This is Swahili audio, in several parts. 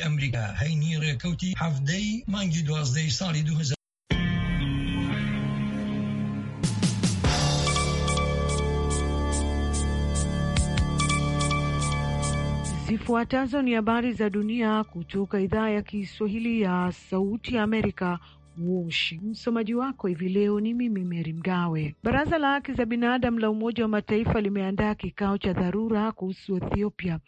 ئەمریکا هەینی ڕێکەوتی هەفتەی مانگی دوازدەی ساڵی 2000 Zifuatazo ni habari za dunia kutoka idhaa ya Kiswahili ya Sauti Amerika Woshi. Msomaji wako hivi leo ni mimi Meri Mgawe. Baraza la Haki za Binadamu la Umoja wa Mataifa limeandaa kikao cha dharura kuhusu Ethiopia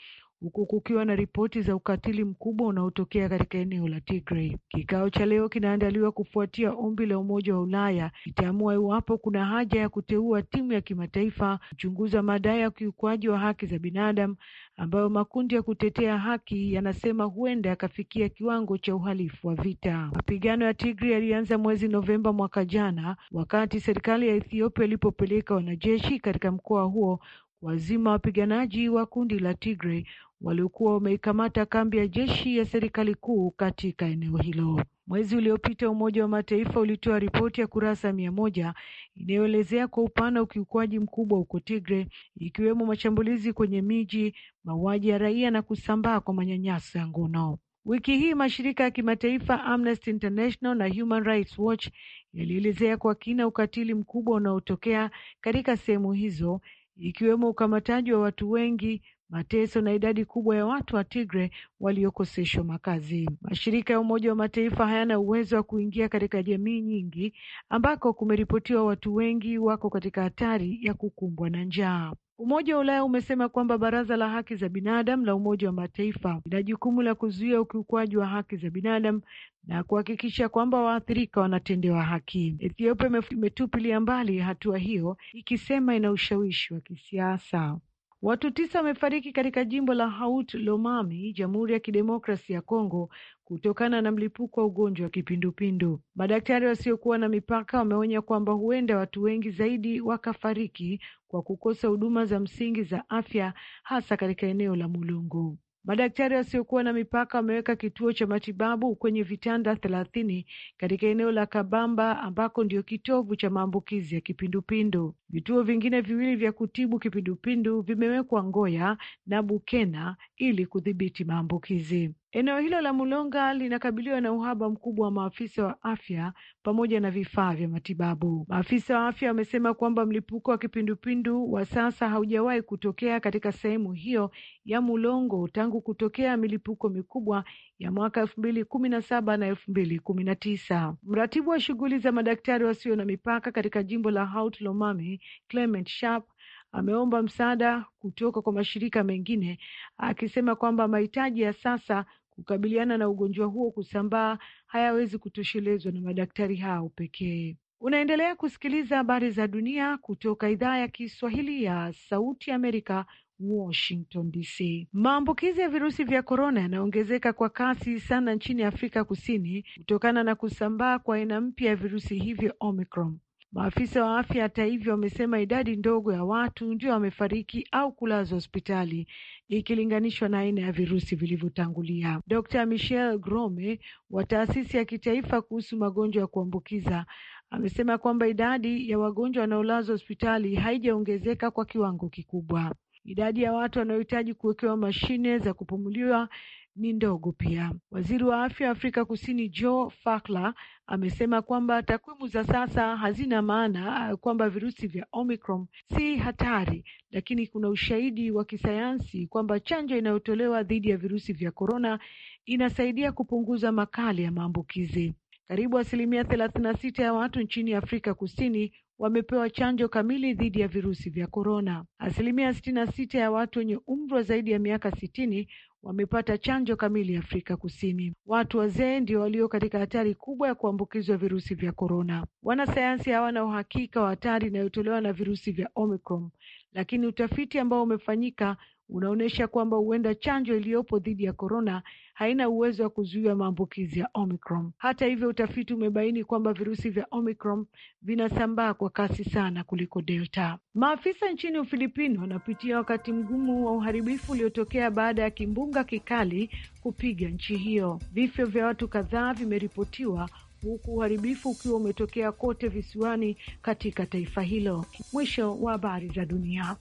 huku kukiwa na ripoti za ukatili mkubwa unaotokea katika eneo la Tigray. Kikao cha leo kinaandaliwa kufuatia ombi la Umoja wa Ulaya itaamua iwapo kuna haja ya kuteua timu ya kimataifa kuchunguza madai ya ukiukwaji wa haki za binadamu ambayo makundi ya kutetea haki yanasema huenda yakafikia kiwango cha uhalifu wa vita. Mapigano ya Tigray yalianza mwezi Novemba mwaka jana wakati serikali ya Ethiopia ilipopeleka wanajeshi katika mkoa huo wazima wapiganaji wa kundi la Tigray waliokuwa wameikamata kambi ya jeshi ya serikali kuu katika eneo hilo. Mwezi uliopita Umoja wa Mataifa ulitoa ripoti ya kurasa mia moja inayoelezea kwa upana ukiukwaji mkubwa huko tigre ikiwemo mashambulizi kwenye miji, mauaji ya raia na kusambaa kwa manyanyaso ya ngono. Wiki hii mashirika ya kimataifa Amnesty International na Human Rights Watch yalielezea kwa kina ukatili mkubwa unaotokea katika sehemu hizo ikiwemo ukamataji wa watu wengi mateso na idadi kubwa ya watu wa tigre waliokoseshwa makazi. Mashirika ya Umoja wa Mataifa hayana uwezo wa kuingia katika jamii nyingi ambako kumeripotiwa watu wengi wako katika hatari ya kukumbwa na njaa. Umoja wa Ulaya umesema kwamba Baraza la Haki za Binadamu la Umoja wa Mataifa lina jukumu la kuzuia ukiukwaji wa haki za binadamu na kuhakikisha kwamba waathirika wanatendewa haki. Ethiopia imetupilia mbali hatua hiyo ikisema ina ushawishi wa kisiasa. Watu tisa wamefariki katika jimbo la Haut-Lomami, Jamhuri ya Kidemokrasi ya Kongo kutokana na mlipuko wa ugonjwa wa kipindupindu. Madaktari wasiokuwa na mipaka wameonya kwamba huenda watu wengi zaidi wakafariki kwa kukosa huduma za msingi za afya hasa katika eneo la Mulungu. Madaktari wasiokuwa na mipaka wameweka kituo cha matibabu kwenye vitanda thelathini katika eneo la Kabamba ambako ndio kitovu cha maambukizi ya kipindupindu. Vituo vingine viwili vya kutibu kipindupindu vimewekwa Ngoya na Bukena ili kudhibiti maambukizi. Eneo hilo la Mulonga linakabiliwa na uhaba mkubwa wa maafisa wa afya pamoja na vifaa vya matibabu. Maafisa wa afya wamesema kwamba mlipuko wa kipindupindu wa sasa haujawahi kutokea katika sehemu hiyo ya Mulongo tangu kutokea milipuko mikubwa ya mwaka elfu mbili kumi na saba na elfu mbili kumi na tisa. Mratibu wa shughuli za madaktari wasio na mipaka katika jimbo la Haut Lomami Clement Sharp ameomba msaada kutoka kwa mashirika mengine akisema kwamba mahitaji ya sasa kukabiliana na ugonjwa huo kusambaa hayawezi kutoshelezwa na madaktari hao pekee. Unaendelea kusikiliza habari za dunia kutoka idhaa ya Kiswahili ya Sauti Amerika, Washington DC. Maambukizi ya virusi vya korona yanaongezeka kwa kasi sana nchini Afrika Kusini kutokana na kusambaa kwa aina mpya ya virusi hivyo Omicron. Maafisa wa afya hata hivyo wamesema idadi ndogo ya watu ndio wamefariki au kulazwa hospitali ikilinganishwa na aina ya virusi vilivyotangulia. Dr. Michelle Grome wa taasisi ya kitaifa kuhusu magonjwa ya kuambukiza amesema kwamba idadi ya wagonjwa wanaolazwa hospitali haijaongezeka kwa kiwango kikubwa. Idadi ya watu wanaohitaji kuwekewa mashine za kupumuliwa ni ndogo pia. Waziri wa afya Afrika Kusini Joe Fakler amesema kwamba takwimu za sasa hazina maana eh, kwamba virusi vya Omicron si hatari, lakini kuna ushahidi wa kisayansi kwamba chanjo inayotolewa dhidi ya virusi vya korona inasaidia kupunguza makali ya maambukizi. Karibu asilimia thelathini na sita ya watu nchini Afrika Kusini wamepewa chanjo kamili dhidi ya virusi vya korona. Asilimia sitini na sita ya watu wenye umri wa zaidi ya miaka sitini wamepata chanjo kamili Afrika Kusini. Watu wazee ndio walio katika hatari kubwa ya kuambukizwa virusi vya korona. Wanasayansi hawana uhakika wa hatari inayotolewa na virusi vya Omicron, lakini utafiti ambao umefanyika unaonyesha kwamba huenda chanjo iliyopo dhidi ya korona haina uwezo wa kuzuia maambukizi ya Omicron. Hata hivyo, utafiti umebaini kwamba virusi vya Omicron vinasambaa kwa kasi sana kuliko Delta. Maafisa nchini Ufilipino wanapitia wakati mgumu wa uharibifu uliotokea baada ya kimbunga kikali kupiga nchi hiyo. Vifo vya watu kadhaa vimeripotiwa huku uharibifu ukiwa umetokea kote visiwani katika taifa hilo. Mwisho wa habari za dunia.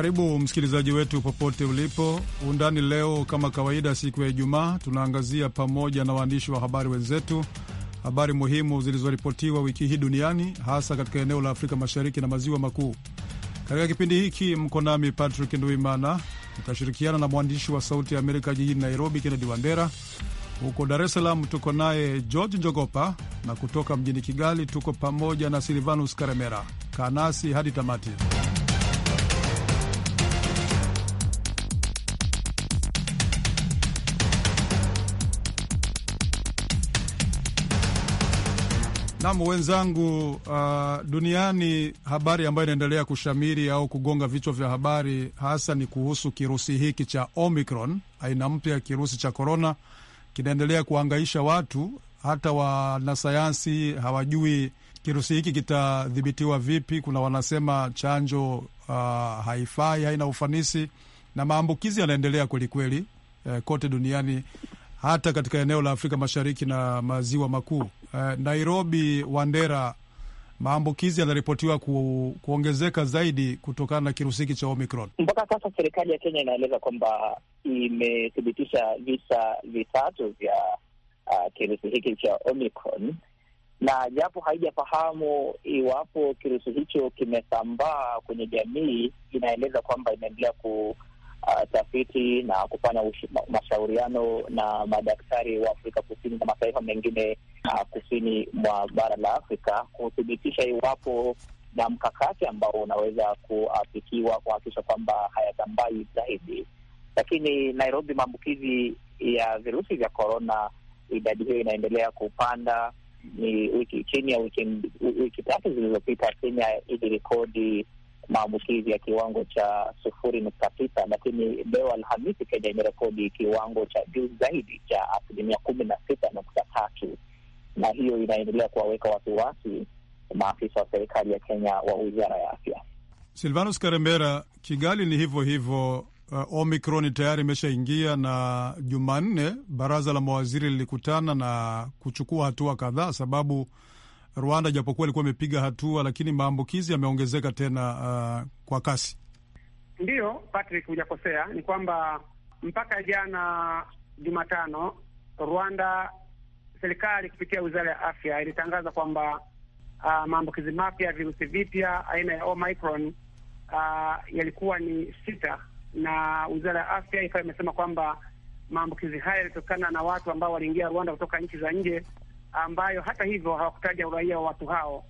Karibu msikilizaji wetu popote ulipo. Undani leo, kama kawaida, siku ya Ijumaa, tunaangazia pamoja na waandishi wa habari wenzetu habari muhimu zilizoripotiwa wiki hii duniani, hasa katika eneo la Afrika Mashariki na Maziwa Makuu. Katika kipindi hiki mko nami Patrick Nduimana, nitashirikiana na mwandishi wa Sauti ya Amerika jijini Nairobi, Kennedy Wandera. Huko Dar es Salaam tuko naye George Njogopa, na kutoka mjini Kigali tuko pamoja na Silvanus Karemera. Kaa nasi hadi tamati. Nam wenzangu, uh, duniani habari ambayo inaendelea kushamiri au kugonga vichwa vya habari hasa ni kuhusu kirusi hiki cha Omicron, aina mpya ya kirusi cha korona, kinaendelea kuangaisha watu. Hata wanasayansi hawajui kirusi hiki kitadhibitiwa vipi. Kuna wanasema chanjo uh, haifai, haina ufanisi, na maambukizi yanaendelea kwelikweli, eh, kote duniani, hata katika eneo la Afrika Mashariki na maziwa makuu eh, Nairobi, Wandera, maambukizi yanaripotiwa ku, kuongezeka zaidi kutokana na kirusi hiki cha Omicron. Mpaka sasa serikali ya Kenya inaeleza kwamba imethibitisha visa vitatu vya uh, kirusi hiki cha Omicron, na japo haijafahamu iwapo kirusi hicho kimesambaa kwenye jamii, inaeleza kwamba inaendelea ku uh, tafiti na kufanya mashauriano na madaktari wa Afrika Kusini na mataifa mengine uh, kusini mwa bara la Afrika kuthibitisha iwapo na mkakati ambao unaweza kuafikiwa kuhakikisha kwamba hayatambai zaidi. Lakini Nairobi, maambukizi ya virusi vya korona, idadi hiyo inaendelea kupanda. Ni wiki chini ya wiki, wiki tatu zilizopita Kenya ili rekodi maambukizi ya kiwango cha sufuri nukta tisa, lakini leo Alhamisi Kenya imerekodi kiwango cha juu zaidi cha asilimia kumi na sita nukta tatu, na hiyo inaendelea kuwaweka wasiwasi maafisa wa serikali ya Kenya wa wizara ya afya. Silvanus Karembera, Kigali ni hivyo hivyo. Uh, Omicron tayari imeshaingia na Jumanne baraza la mawaziri lilikutana na kuchukua hatua kadhaa, sababu Rwanda japokuwa ilikuwa imepiga hatua, lakini maambukizi yameongezeka tena uh, kwa kasi. Ndiyo Patrick, hujakosea. Ni kwamba mpaka jana Jumatano, Rwanda, serikali kupitia wizara ya afya ilitangaza kwamba uh, maambukizi mapya ya virusi vipya aina ya Omicron uh, yalikuwa ni sita, na wizara ya afya ikawa imesema kwamba maambukizi haya yalitokana na watu ambao waliingia Rwanda kutoka nchi za nje ambayo hata hivyo hawakutaja uraia wa watu hao,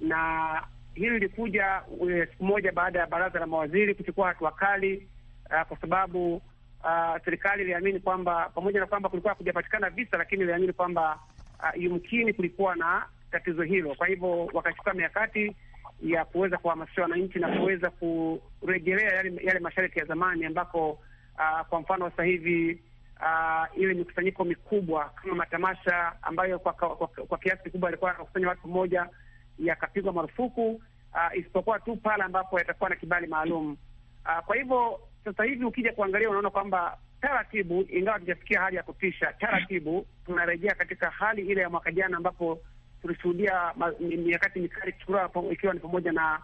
na hili lilikuja eh, siku moja baada ya baraza la mawaziri kuchukua hatua kali uh, kwa sababu uh, serikali iliamini kwamba pamoja na kwamba kulikuwa hakujapatikana visa, lakini iliamini kwamba uh, yumkini kulikuwa na tatizo hilo. Kwa hivyo wakachukua mikakati ya kuweza kuhamasisha wananchi na kuweza kurejelea yale, yale masharti ya zamani ambako, uh, kwa mfano sasa hivi uh, ah, iwe mikusanyiko mikubwa kama matamasha ambayo kwa, kwa, kwa, kwa kiasi kikubwa yalikuwa yanakusanya watu pamoja yakapigwa marufuku uh, isipokuwa tu pale ambapo yatakuwa na kibali maalum uh, kwa hivyo sasa hivi ukija kuangalia unaona kwamba taratibu, ingawa tujafikia hali ya kutisha, taratibu tunarejea katika hali ile ya mwaka jana ambapo tulishuhudia miakati mikali ikiwa ni pamoja na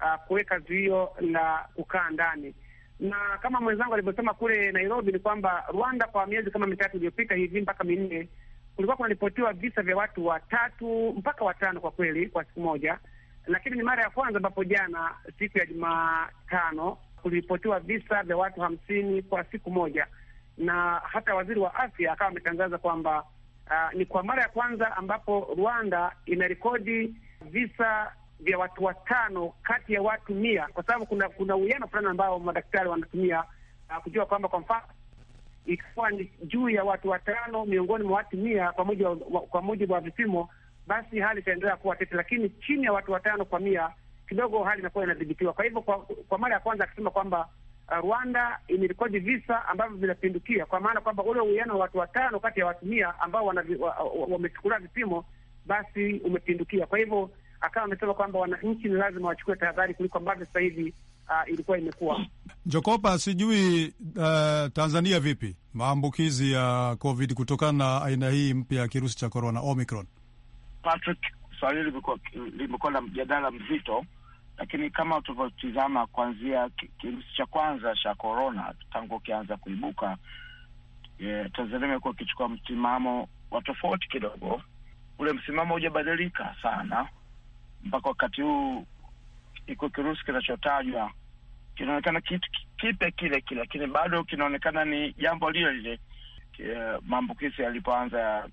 uh, kuweka zuio la kukaa ndani na kama mwenzangu alivyosema kule Nairobi ni kwamba Rwanda kwa miezi kama mitatu iliyopita hivi mpaka minne kulikuwa kunaripotiwa visa vya watu watatu mpaka watano kwa kweli kwa siku moja, lakini ni mara ya kwanza ambapo jana siku ya Jumatano kuliripotiwa visa vya watu hamsini kwa siku moja, na hata waziri wa afya akawa ametangaza kwamba uh, ni kwa mara ya kwanza ambapo Rwanda inarekodi visa vya watu watano kati ya watu mia, kwa sababu kuna kuna uwiano fulani ambao madaktari wanatumia uh, kujua kwamba kwa mfano ikiwa ni juu ya watu watano miongoni mwa watu mia kwa mujibu wa vipimo, basi hali itaendelea kuwa tete, lakini chini ya watu watano kwa mia kidogo hali inakuwa inadhibitiwa. Kwa hivyo kwa, kwa mara ya kwanza akisema kwamba uh, Rwanda imerekodi visa ambavyo vinapindukia, kwa maana kwamba ule uwiano wa watu watano kati ya watu mia ambao wamechukuliwa wa, wa, wa vipimo basi umepindukia. Kwa hivyo akawa amesema kwamba wananchi ni lazima wachukue tahadhari kuliko ambavyo sasa hivi uh, ilikuwa imekuwa. Jokopa, sijui uh, Tanzania vipi maambukizi ya COVID kutokana na aina hii mpya ya kirusi cha corona Omicron? Patrick, swali hili limekuwa la mjadala mzito, lakini kama tulivyotizama kuanzia kirusi cha kwanza cha corona tangu ukianza kuibuka Yeah, Tanzania imekuwa ikichukua msimamo wa tofauti kidogo. Ule msimamo hujabadilika sana, mpaka wakati huu iko kirusi kinachotajwa kinaonekana kipe kile kile, lakini bado kinaonekana ni jambo lile lile eh, maambukizi yalipoanza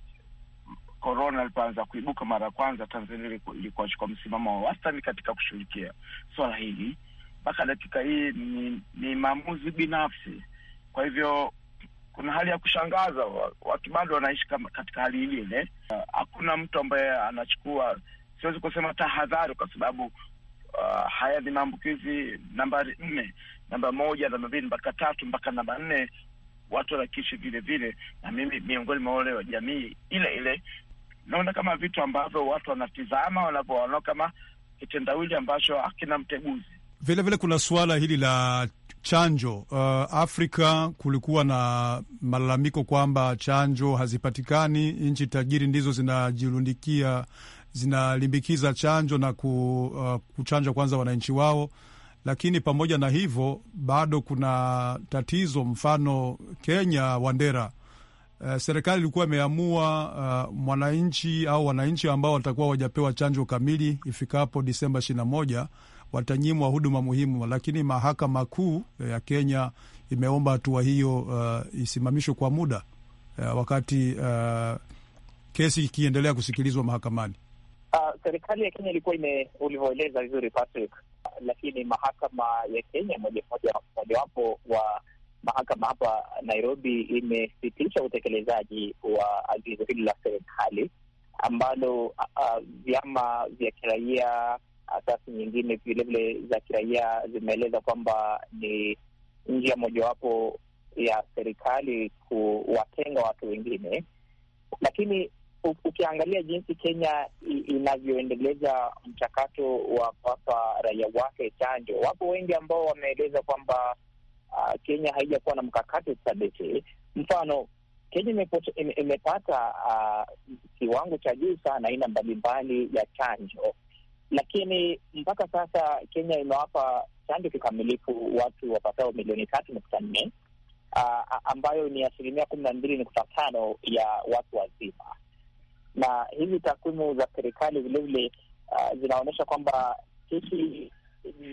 korona alipoanza kuibuka mara ya kwanza, Tanzania ilikuwa chukua msimamo wa wastani katika kushughulikia swala hili. Mpaka dakika hii ni, ni maamuzi binafsi. Kwa hivyo kuna hali ya kushangaza, watu bado wanaishi katika hali ile ile. Eh, hakuna mtu ambaye anachukua siwezi kusema tahadhari, kwa sababu uh, haya ni maambukizi nambari nne, namba moja, namba mbili mpaka tatu mpaka namba nne watu wanakiishi vile vile, na mimi miongoni mwa ule wa jamii ile ile, naona kama vitu ambavyo watu wanatizama wanavyoona kama kitendawili ambacho hakina mteguzi. Vilevile vile kuna suala hili la chanjo. Uh, Afrika kulikuwa na malalamiko kwamba chanjo hazipatikani, nchi tajiri ndizo zinajirundikia zinalimbikiza chanjo na ku, uh, kuchanja kwanza wananchi wao, lakini pamoja na hivyo bado kuna tatizo. Mfano Kenya, Wandera, uh, serikali ilikuwa imeamua uh, mwananchi au wananchi ambao watakuwa wajapewa chanjo kamili ifikapo Disemba 21 watanyimwa huduma muhimu, lakini mahakama kuu eh, ya Kenya imeomba hatua hiyo uh, isimamishwe kwa muda uh, wakati uh, kesi ikiendelea kusikilizwa mahakamani. Uh, serikali ya Kenya ilikuwa ime- ulivyoeleza vizuri Patrick, lakini mahakama ya Kenya moja mojawapo wa mahakama hapa Nairobi imesitisha utekelezaji wa agizo hili la serikali ambalo uh, vyama vya kiraia, asasi nyingine vilevile za kiraia zimeeleza kwamba ni njia mojawapo ya serikali kuwatenga watu wengine, lakini ukiangalia jinsi Kenya inavyoendeleza mchakato wa kuwapa raia wake chanjo, wapo wengi ambao wameeleza kwamba uh, Kenya haijakuwa na mkakati thabiti. Mfano, Kenya imepata uh, kiwango cha juu sana aina mbalimbali ya chanjo, lakini mpaka sasa Kenya imewapa chanjo kikamilifu watu wapatao milioni tatu nukta nne uh, ambayo ni asilimia kumi na mbili nukta tano ya watu wazima na hizi takwimu za serikali vilevile uh, zinaonyesha kwamba hiki ni,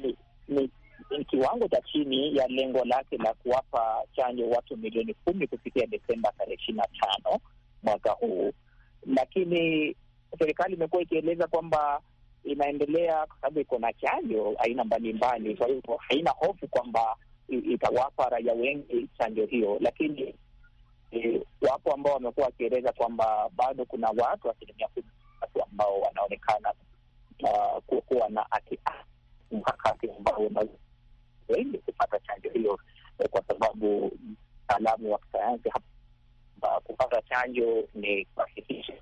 ni, ni kiwango cha chini ya lengo lake la kuwapa chanjo watu milioni kumi kufikia Desemba tarehe ishirini na tano mwaka huu, lakini serikali imekuwa ikieleza kwamba inaendelea kwa sababu iko na chanjo aina mbalimbali, kwa hivyo haina hofu kwamba itawapa raia wengi chanjo hiyo, lakini E, wapo ambao wamekuwa wakieleza kwamba bado kuna watu asilimia kumi watu ambao wanaonekana uh, kuwa na mkakati ambao wengi kupata chanjo hiyo eh, kwa sababu mtaalamu wa kisayansi ah, kupata chanjo ni kuhakikisha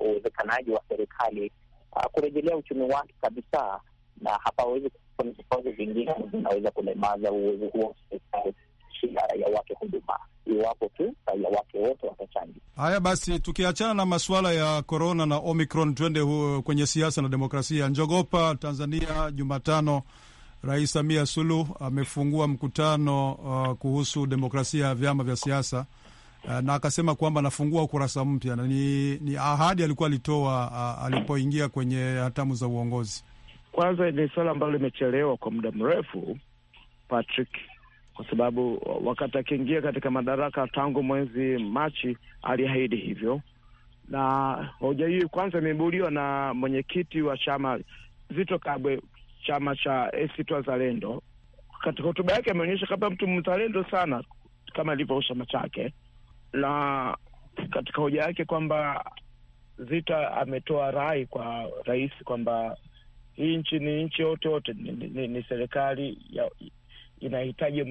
uwezekanaji wa serikali uh, kurejelea uchumi wake kabisa, na hapawezi kuna vikwazo vingine vinaweza kulemaza uwezo huo wa serikali kuwaachia raia wake huduma iwapo tu raia wake wote watachangi. Haya basi, tukiachana na masuala ya korona na Omicron, twende kwenye siasa na demokrasia. Njogopa, Tanzania, Jumatano Rais Samia Suluhu amefungua mkutano uh, kuhusu demokrasia ya vyama vya siasa uh, na akasema kwamba anafungua ukurasa mpya, na ni, ni ahadi alikuwa alitoa uh, alipoingia kwenye hatamu za uongozi. Kwanza ni suala ambalo limechelewa kwa muda mrefu, Patrick, kwa sababu wakati akiingia katika madaraka tangu mwezi Machi aliahidi hivyo, na hoja hii kwanza imeibuliwa na mwenyekiti wa chama Zito Kabwe, chama cha ACT Wazalendo. Katika hotuba yake ameonyesha kama mtu mzalendo sana kama ilivyo chama chake, na katika hoja yake kwamba Zita ametoa rai kwa rais kwamba hii nchi ni nchi yote yote, ni, ni, ni serikali ya, inahitaji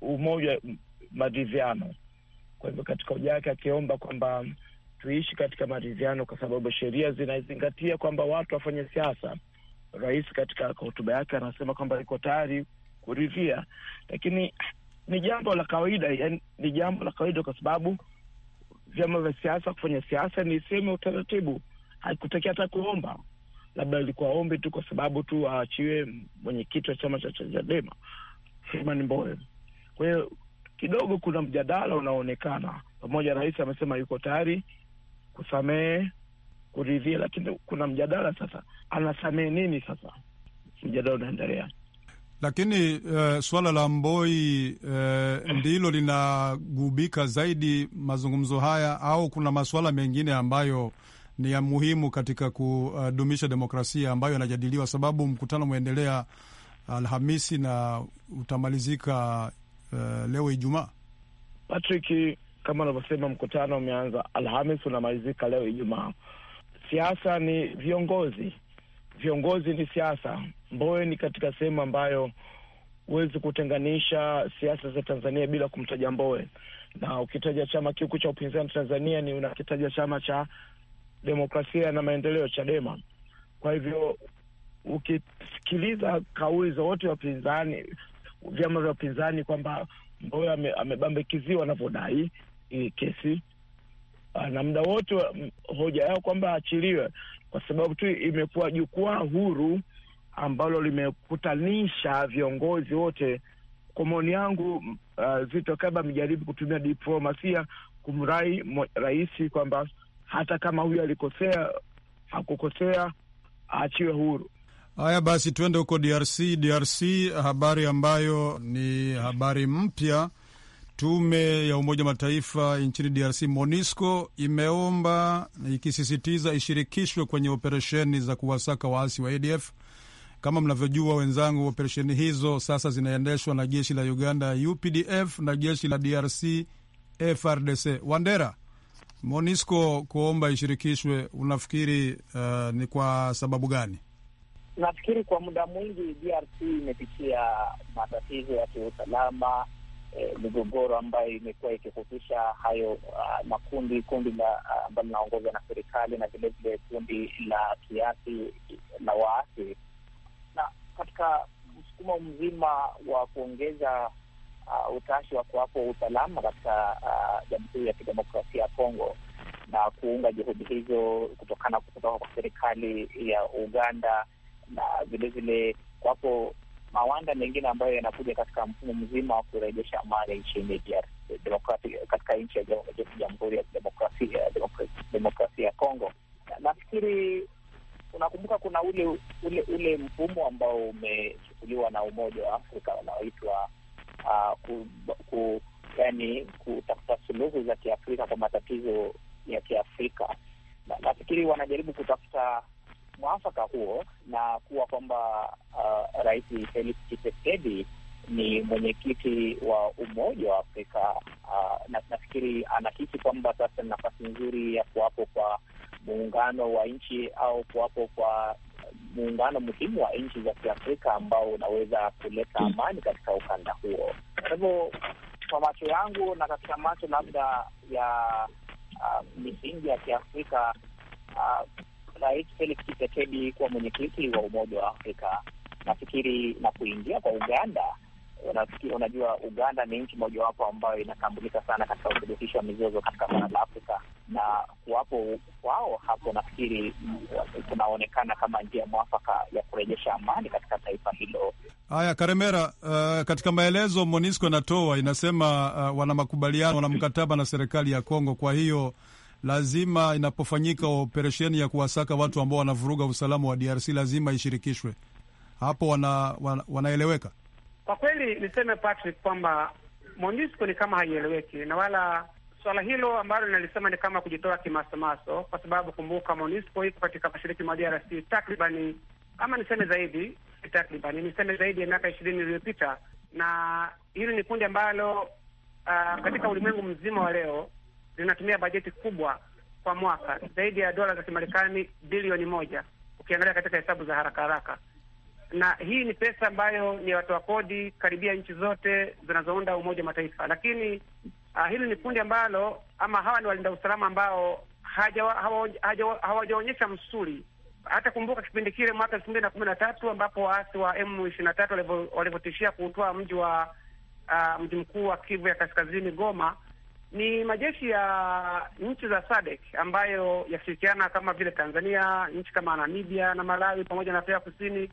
umoja, maridhiano. Kwa hivyo katika hoja yake akiomba kwamba tuishi katika maridhiano, kwa sababu sheria zinazingatia kwamba watu wafanye siasa. Rais katika hotuba yake anasema kwamba iko tayari kuridhia, lakini ni jambo la kawaida, ni jambo la kawaida kwa sababu vyama vya siasa kufanya siasa ni sehemu ya utaratibu, haikutakia hata kuomba, labda alikuwa ombi tu kwa sababu tu aachiwe mwenyekiti wa chama cha Chadema. Freeman Mbowe. Kwa hiyo kidogo kuna mjadala unaonekana pamoja, rais amesema yuko tayari kusamehe, kuridhia, lakini kuna mjadala sasa, anasamehe nini? Sasa mjadala unaendelea lakini uh, eh, suala la Mboi uh, eh, ndilo linagubika zaidi mazungumzo haya, au kuna masuala mengine ambayo ni ya muhimu katika kudumisha demokrasia ambayo yanajadiliwa, sababu mkutano umeendelea Alhamisi na utamalizika uh, leo Ijumaa. Patrick, kama unavyosema, mkutano umeanza alhamis unamalizika leo Ijumaa. Siasa ni viongozi, viongozi ni siasa. Mbowe ni katika sehemu ambayo huwezi kutenganisha siasa za Tanzania bila kumtaja Mbowe, na ukitaja chama kikuu cha upinzani Tanzania ni unakitaja chama cha demokrasia na maendeleo, Chadema. Kwa hivyo ukisikiliza kauli za wote wapinzani, vyama vya upinzani kwamba amebambikiziwa ame, amebambikiziwa anavyodai hii eh, kesi ah, na muda wote hoja yao kwamba aachiliwe kwa sababu tu imekuwa jukwaa huru ambalo limekutanisha viongozi wote. Kwa maoni yangu, uh, ah, Zito amejaribu kutumia diplomasia kumrai raisi kwamba hata kama huyu alikosea, hakukosea, aachiwe huru. Haya basi, tuende huko DRC. DRC, habari ambayo ni habari mpya, tume ya Umoja Mataifa nchini DRC, MONUSCO, imeomba ikisisitiza ishirikishwe kwenye operesheni za kuwasaka waasi wa ADF. Kama mnavyojua wenzangu, operesheni hizo sasa zinaendeshwa na jeshi la Uganda UPDF na jeshi la DRC FRDC. Wandera, MONUSCO kuomba ishirikishwe, unafikiri uh, ni kwa sababu gani? nafikiri kwa muda mwingi DRC imepitia matatizo ya kiusalama eh, migogoro ambayo imekuwa ikihusisha hayo uh, makundi kundi ah, ambalo uh, linaongozwa na serikali na vilevile kundi la kiasi la waasi, na katika msukumo mzima wa kuongeza uh, utashi wa kuwapo usalama katika Jamhuri uh, ya Kidemokrasia ya Kongo na kuunga juhudi hizo kutokana kutoka kwa serikali ya Uganda na vilevile kwapo mawanda mengine ambayo yanakuja katika mfumo mzima wa kurejesha amani nchini katika nchi ya Jamhuri ya Demokrasia ya Kongo. Nafikiri unakumbuka kuna ule ule ule mfumo ambao umechukuliwa na Umoja wa Afrika macho labda ya uh, misingi ya Kiafrika, uh, Rais uh, Felix Tshisekedi kuwa mwenyekiti wa Umoja wa Afrika, nafikiri na kuingia kwa Uganda nafkiri unajua Uganda ni nchi mojawapo ambayo inatambulika sana katika usuluhishi wa mizozo katika bara la Afrika, na kuwapo kwao hapo, nafikiri mm, kunaonekana kama njia mwafaka ya kurejesha amani katika taifa hilo. Haya, Karemera, uh, katika maelezo MONUSCO inatoa inasema, uh, wana makubaliano, wana mkataba na serikali ya Kongo, kwa hiyo lazima inapofanyika operesheni ya kuwasaka watu ambao wanavuruga usalama wa DRC lazima ishirikishwe. Hapo wana, wana, wanaeleweka kwa kweli niseme Patrick kwamba MONUSCO ni kama haieleweki na wala swala hilo ambalo linalisema ni kama kujitoa kimasomaso, kwa sababu kumbuka, MONUSCO iko katika mashariki mwa DRC takribani, ama niseme zaidi, takriban niseme zaidi ya miaka ishirini iliyopita, na hili ni kundi ambalo uh, katika ulimwengu mzima wa leo linatumia bajeti kubwa kwa mwaka zaidi ya dola za Kimarekani bilioni moja ukiangalia katika hesabu za haraka haraka na hii ni pesa ambayo ni watoa kodi karibia nchi zote zinazounda Umoja wa Mataifa, lakini uh, hili ni kundi ambalo ama hawa ni walinda usalama ambao hawajaonyesha hawa, hawa, hawa msuri. Hata kumbuka kipindi kile mwaka elfu mbili na kumi na tatu ambapo waasi wa M ishirini na tatu walivyotishia kuutoa mji wa uh, mji mkuu wa Kivu ya Kaskazini, Goma. Ni majeshi ya nchi za SADC ambayo yashirikiana kama vile Tanzania, nchi kama Namibia na Malawi pamoja na Afrika Kusini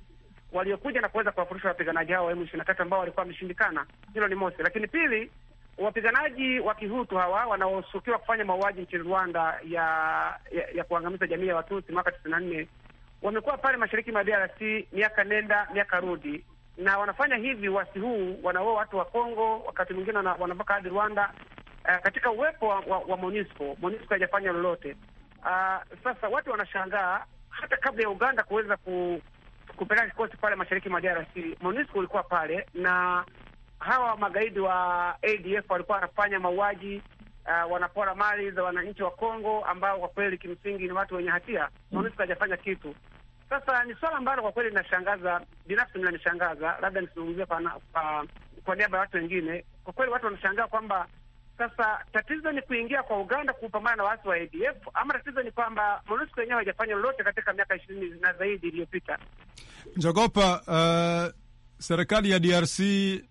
waliokuja na kuweza kuwafurusha wapiganaji hao wa M23 ambao walikuwa wameshindikana. Hilo ni mosi, lakini pili, wapiganaji wa kihutu hawa wanaosukiwa kufanya mauaji nchini Rwanda ya, ya, ya kuangamiza jamii ya Watusi mwaka tisini na nne wamekuwa pale mashariki mwa DRC miaka nenda miaka rudi, na wanafanya hivi wasi huu, wanaua watu wa Kongo, wakati mwingine wanavuka hadi Rwanda uh, katika uwepo wa, wa, wa MONUSCO. MONUSCO haijafanya lolote. Uh, sasa watu wanashangaa hata kabla ya Uganda kuweza ku, kupeleka kikosi pale mashariki mwa DRC. MONUSCO ulikuwa pale na hawa magaidi wa ADF walikuwa wanafanya mauaji uh, wanapora mali za wananchi wa Kongo ambao kwa kweli kimsingi ni watu wenye hatia. MONUSCO hajafanya kitu. Sasa ni swala ambalo kwa kweli linashangaza, binafsi linanishangaza, labda nisizungumzie kwa, kwa niaba ya watu wengine. Kwa kweli watu wanashangaa kwamba sasa tatizo ni kuingia kwa Uganda kupambana na waasi wa ADF ama tatizo ni kwamba MONUSCO yenyewe haijafanya lolote katika miaka ishirini na zaidi iliyopita. Njogopa, uh, serikali ya DRC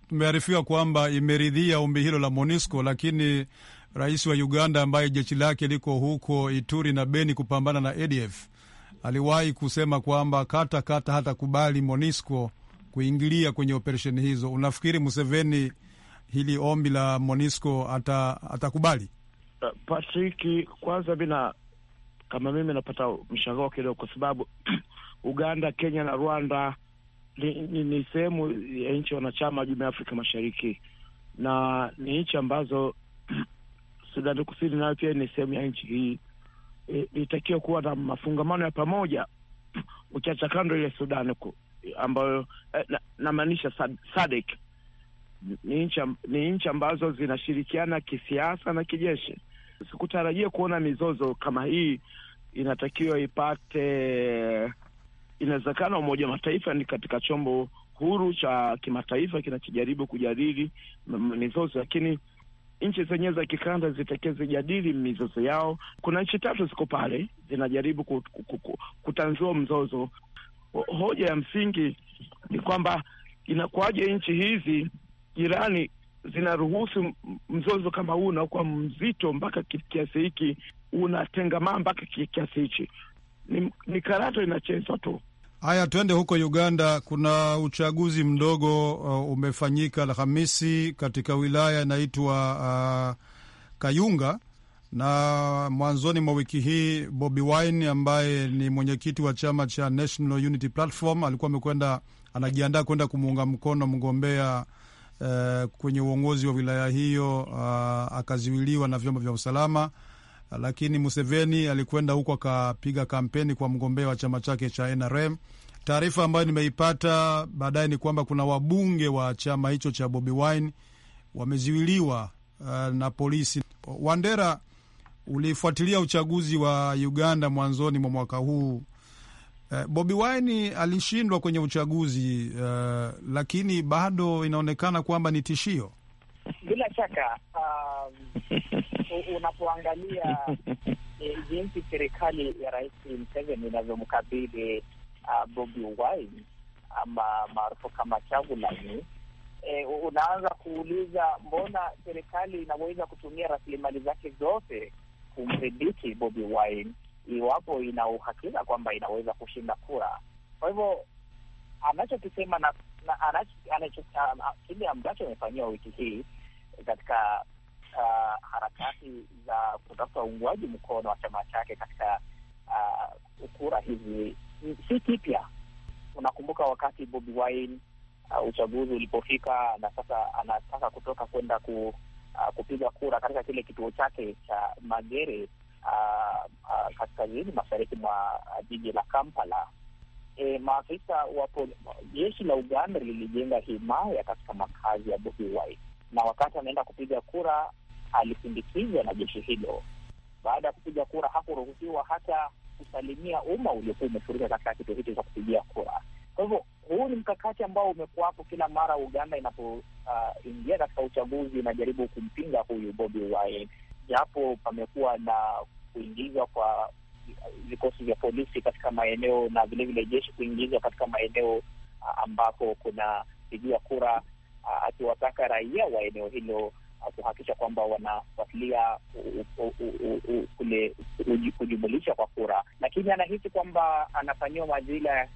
tumearifiwa kwamba imeridhia ombi hilo la MONUSCO, lakini rais wa Uganda ambaye jeshi lake liko huko Ituri na Beni kupambana na ADF aliwahi kusema kwamba kata kata kubali MONUSCO kuingilia kwenye operesheni hizo. Unafikiri Museveni hili ombi la Monisco atakubali? Uh, Patrick, kwanza mina kama mimi napata mshangao kidogo kwa sababu Uganda, Kenya na Rwanda ni, ni, ni sehemu ya nchi wanachama wa Jumuiya ya Afrika Mashariki na ni nchi ambazo Sudani Kusini nayo pia ni sehemu ya nchi hii. E, ilitakiwa kuwa na mafungamano ya pamoja, ukiacha kando ile Sudani ambayo eh, namaanisha SADC ni nchi ambazo zinashirikiana kisiasa na kijeshi. Sikutarajia kuona mizozo kama hii inatakiwa ipate. Inawezekana Umoja wa Mataifa ni katika chombo huru cha kimataifa kinachojaribu kujadili mizozo, lakini nchi zenyewe za kikanda zitakiwa zijadili mizozo yao. Kuna nchi tatu ziko pale zinajaribu kutanzua mzozo. Hoja ya msingi ni kwamba inakuwaje nchi hizi jirani zinaruhusu mzozo kama huu unakuwa mzito mpaka kiasi hiki, unatengamaa mpaka kiasi hichi. Ni, ni karata inachezwa tu. Haya, tuende huko Uganda. Kuna uchaguzi mdogo uh, umefanyika Alhamisi katika wilaya inaitwa uh, Kayunga, na mwanzoni mwa wiki hii Bobi Wine ambaye ni mwenyekiti wa chama cha National Unity Platform alikuwa amekwenda anajiandaa kwenda kumuunga mkono mgombea uh, kwenye uongozi wa wilaya hiyo uh, eh, akaziwiliwa na vyombo vya usalama uh, lakini Museveni alikwenda huko akapiga kampeni kwa mgombea wa chama chake cha NRM. Taarifa ambayo nimeipata baadaye ni kwamba kuna wabunge wa chama hicho cha Bobi Wine wameziwiliwa uh, eh, na polisi. Wandera, ulifuatilia uchaguzi wa Uganda mwanzoni mwa mwaka huu Eh, Bobi Wine alishindwa kwenye uchaguzi uh, lakini bado inaonekana kwamba ni tishio bila shaka. Um, unapoangalia e, jinsi serikali ya Rais Museveni inavyomkabili uh, Bobi Wine ama maarufu kama Chagulani e, unaanza kuuliza mbona serikali inaweza kutumia rasilimali zake zote kumdhibiti Bobi Wine iwapo ina uhakika kwamba inaweza kushinda kura. Kwa hivyo anachokisema na, na kile ambacho amefanyiwa wiki hii katika uh, harakati za kutafuta uungwaji mkono wa chama chake katika uh, kura hizi si kipya. Unakumbuka wakati Bobi Wine uh, uchaguzi ulipofika na sasa anataka kutoka kwenda ku, uh, kupiga kura katika kile kituo chake cha Magere uh, kaskazini mashariki mwa uh, jiji la Kampala. E, maafisa wa jeshi la Uganda lilijenga himaya katika makazi ya Bobi Wine, na wakati anaenda kupiga kura alisindikizwa na jeshi hilo. Baada ya kupiga kura, hakuruhusiwa hata kusalimia umma uliokuwa umefurika katika kituo hicho cha kupigia kura. Kwa hivyo huu ni mkakati ambao umekuwapo kila mara Uganda inapoingia uh, katika uchaguzi inajaribu kumpinga huyu Bobi Wine, japo pamekuwa na kuingizwa kwa vikosi vya polisi katika maeneo na vilevile jeshi kuingizwa katika maeneo ambapo kuna pigiwa kura, akiwataka raia wa eneo hilo kuhakikisha kwamba wanafuatilia kule kujumulisha kwa kura, lakini anahisi kwamba anafanyiwa madhila ya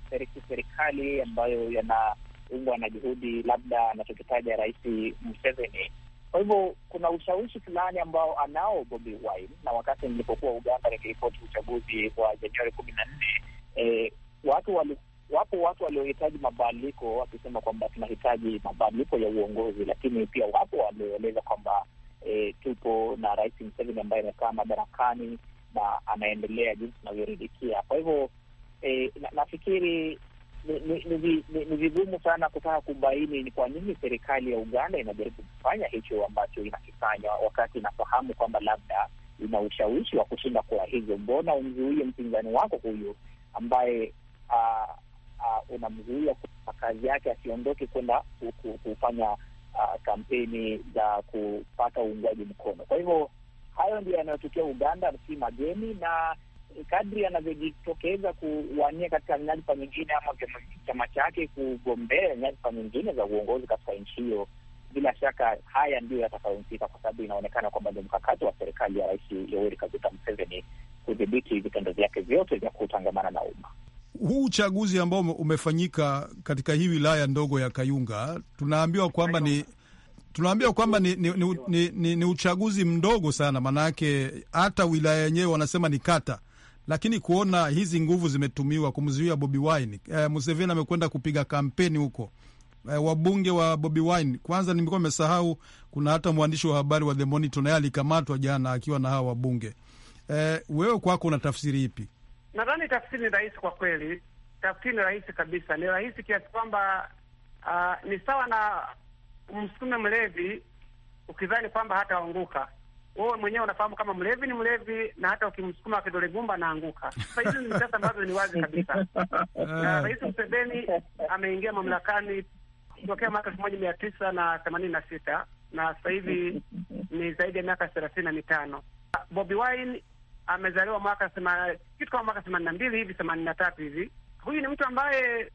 serikali ambayo yanaungwa na juhudi labda anachokitaja Rais Museveni. Kwa hivyo kuna ushawishi fulani ambao anao Bobi Wine, na wakati nilipokuwa Uganda nikiripoti uchaguzi wa Januari kumi na nne eh, watu wali, wapo watu waliohitaji mabadiliko wakisema kwamba tunahitaji mabadiliko ya uongozi, lakini pia wapo walioeleza kwamba e, tupo na Rais Museveni ambaye amekaa madarakani na anaendelea jinsi tunavyoridhikia. Kwa hivyo e, na, nafikiri ni vigumu sana kutaka kubaini ni kwa nini serikali ya Uganda inajaribu kufanya hicho ambacho inakifanya, wakati inafahamu kwamba labda ina ushawishi wa kushinda kura hizo. Mbona umzuie mpinzani wako huyu ambaye uh, uh, unamzuia kwa kazi yake asiondoke kwenda kufanya uh, kampeni za kupata uungwaji mkono? Kwa hivyo hayo ndio yanayotokea Uganda, si mageni na kadri anavyojitokeza kuwania katika nyadhifa nyingine ama chama chake kugombea nyadhifa nyingine za uongozi katika nchi hiyo, bila shaka haya ndiyo yatakayomfika, kwa sababu inaonekana kwamba ni mkakati wa serikali ya Rais Yoweri Kaguta Museveni kudhibiti vitendo vyake vyote vya kutangamana na umma. Huu uchaguzi ambao umefanyika katika hii wilaya ndogo ya Kayunga, tunaambiwa kwamba ni tunaambia kwamba ni, ni, ni, ni, ni, ni uchaguzi mdogo sana, maanake hata wilaya yenyewe wanasema ni kata lakini kuona hizi nguvu zimetumiwa kumzuia Bobi Wine eh, Museveni amekwenda kupiga kampeni huko eh, wabunge wa Bobi Wine. Kwanza nimekuwa nimesahau kuna hata mwandishi wa habari wa The Monitor naye alikamatwa jana akiwa na hawa wabunge eh, wewe kwako una tafsiri ipi? Nadhani tafsiri ni rahisi kwa kweli, tafsiri ni rahisi kabisa, ni rahisi kiasi kwamba uh, ni sawa na msume mlevi ukidhani kwamba hataanguka wewe mwenyewe unafahamu kama mlevi ni mlevi, na hata ukimsukuma kidole gumba anaanguka. Sasa hizi ni siasa ambazo ni wazi kabisa, na Rais Museveni ameingia mamlakani tokea mwaka elfu moja mia tisa na themanini na sita na sasa hivi ni zaidi ya miaka thelathini na mitano. Bobi Wine amezaliwa mwaka sema, kitu kama mwaka themanini na mbili hivi themanini na tatu hivi. Huyu ni mtu ambaye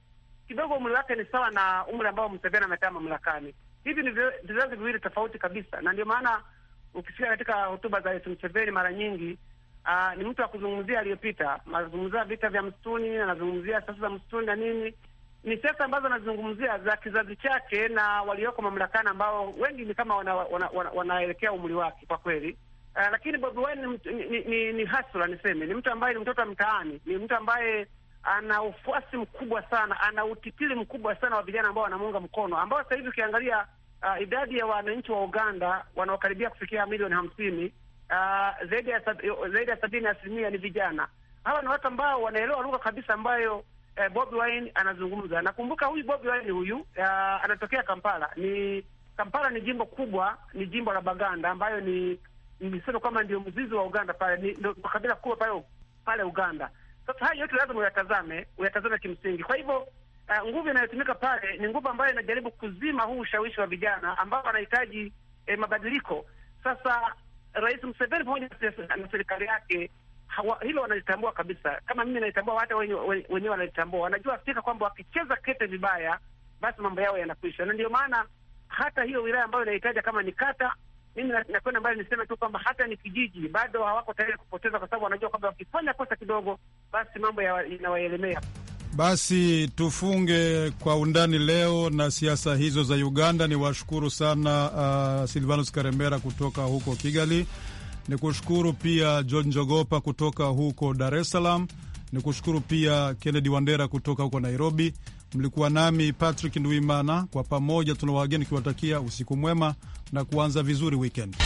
kidogo umri wake ni sawa na umri ambao Museveni ametaa mamlakani. Hivi ni vizazi viwili tofauti kabisa, na ndio maana ukisikia katika hotuba za Museveni mara nyingi aa, ah, ni mtu wa kuzungumzia aliyopita, anazungumzia vita vya msituni, anazungumzia siasa za msituni na nini. Ni siasa ambazo anazungumzia za kizazi chake na walioko mamlakani, ambao wengi ni kama wanaelekea wana, wana, wana umri wake kwa kweli. Uh, lakini Bobi Wine ni, ni, ni, ni hasla niseme, ni mtu ambaye ni mtoto wa mtaani, ni mtu ambaye ana ufuasi mkubwa sana, ana utitili mkubwa sana wa vijana ambao wanamuunga mkono, ambao sasa hivi ukiangalia uh, idadi ya wananchi wa Uganda wanaokaribia kufikia milioni hamsini uh, zaidi ya zaidi ya sabini asilimia ni vijana. Hawa ni watu ambao wanaelewa lugha kabisa ambayo eh, Bobi Wine anazungumza. Nakumbuka huyu Bobi Wine huyu uh, anatokea Kampala. Ni Kampala ni jimbo kubwa, ni jimbo la Baganda ambayo ni niseme kwamba ndio mzizi wa Uganda pale, ndio kabila kubwa pale pale Uganda. Sasa haya yote lazima uyatazame, uyatazame kimsingi. Kwa hivyo uh, nguvu inayotumika pale ni nguvu ambayo inajaribu kuzima huu ushawishi wa vijana ambao wanahitaji eh, mabadiliko. Sasa Rais Museveni pamoja na serikali yake hawa, hilo wanalitambua kabisa, kama mimi naitambua, hata wenyewe wenye wanalitambua. Wanajua fika kwamba wakicheza kete vibaya, basi mambo yao yanakwisha, na ndio maana hata hiyo wilaya ambayo inahitaja kama ni kata, mimi nakwenda mbali niseme tu kwamba hata ni kijiji, bado hawako tayari kupoteza, kwa sababu wanajua kwamba wakifanya kosa kidogo, basi mambo yanawaelemea. ya basi tufunge kwa undani leo na siasa hizo za Uganda. Ni washukuru sana uh, Silvanus Karemera kutoka huko Kigali. Ni kushukuru pia John Jogopa kutoka huko Dar es Salaam. Ni kushukuru pia Kennedy Wandera kutoka huko Nairobi. Mlikuwa nami Patrick nduimana kwa pamoja tuna wageni kiwatakia usiku mwema na kuanza vizuri wikendi.